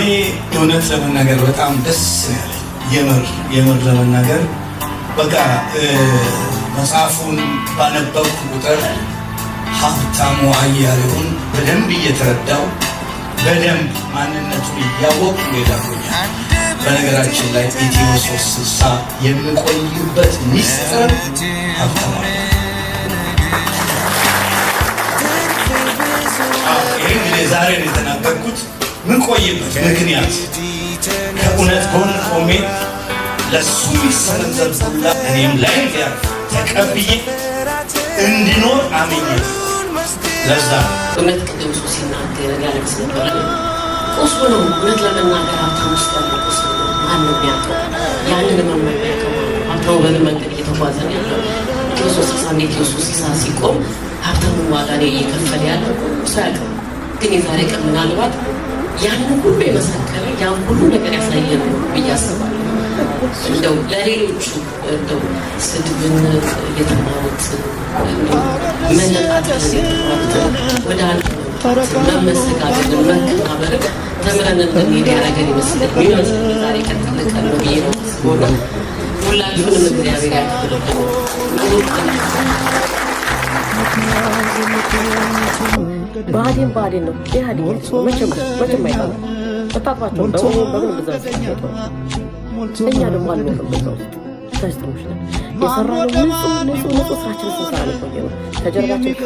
እኔ እውነት ለመናገር በጣም ደስ ያለኝ የምር የምር ለመናገር በቃ መጽሐፉን ባነበብኩ ቁጥር ሀብታሙ አያሌውን በደንብ እየተረዳው በደንብ ማንነቱን እያወቁ ሌላጎኛል። በነገራችን ላይ ኢትዮ ሶስት ስልሳ የምቆይበት ሚስጥር ሀብታማ ይህ እንግዲህ ዛሬ የተናገርኩት ምቆይበት ምክንያት ከእውነት ጎን ቆሜ ለሱ ሚሰነዘር ሁላ እኔም ላይ ዚያር ተቀብዬ እንዲኖር አምኜ ለዛ እውነት ቅድም እሱ ሲናገር ያለቅስ ነበረ። ቁስሉ ነው እውነት ለመናገር ሀብታም ውስጥ ያለ ቁስሉ ማን ነው የሚያውቀው? ያንን መመ የሚያውቀው ሀብታሙ በምን መንገድ እየተጓዘ ነው ያለው? ቴዎሶ ሲሳ እንዴ ቴዎሶ ሲሳ ሲቆም ሀብታሙን ዋጋ ነው እየከፈለ ያለው ሰው ያውቀው። ግን የዛሬ ቀን ምናልባት ያንን ሁሉ የመሰከረ ያን ሁሉ ነገር ያሳየ ብዬ አስባለሁ። እንደው ለሌሎቹ እንደው ስድብን የተማሩት መነጣጠል ወደ አንድ መመሰጋገርን መከባበርን ተምረን እንደሚሄድ ያደረገን ይመስለኛል። የሚመስል ዛሬ ቀጥል ነው ብዬ ነው ሁላችሁንም እግዚአብሔር ያክፍልልን። ብአዴን ብአዴን ነው ኢህአዴግ መቼም መቼም አይቀርም። በታቅባቸው በሆኑ በምን ብዛ እኛ ደግሞ አልሞቅም በዛ ውስጥ ተስጥሮች ነን የሰራነው ንጹህ ንጹህ ንጹህ ስራችን ስንሰራ ነው ቆየ ነው ከጀርባችን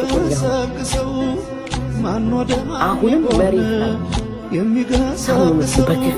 አሁንም መሬት ላይ በግፍ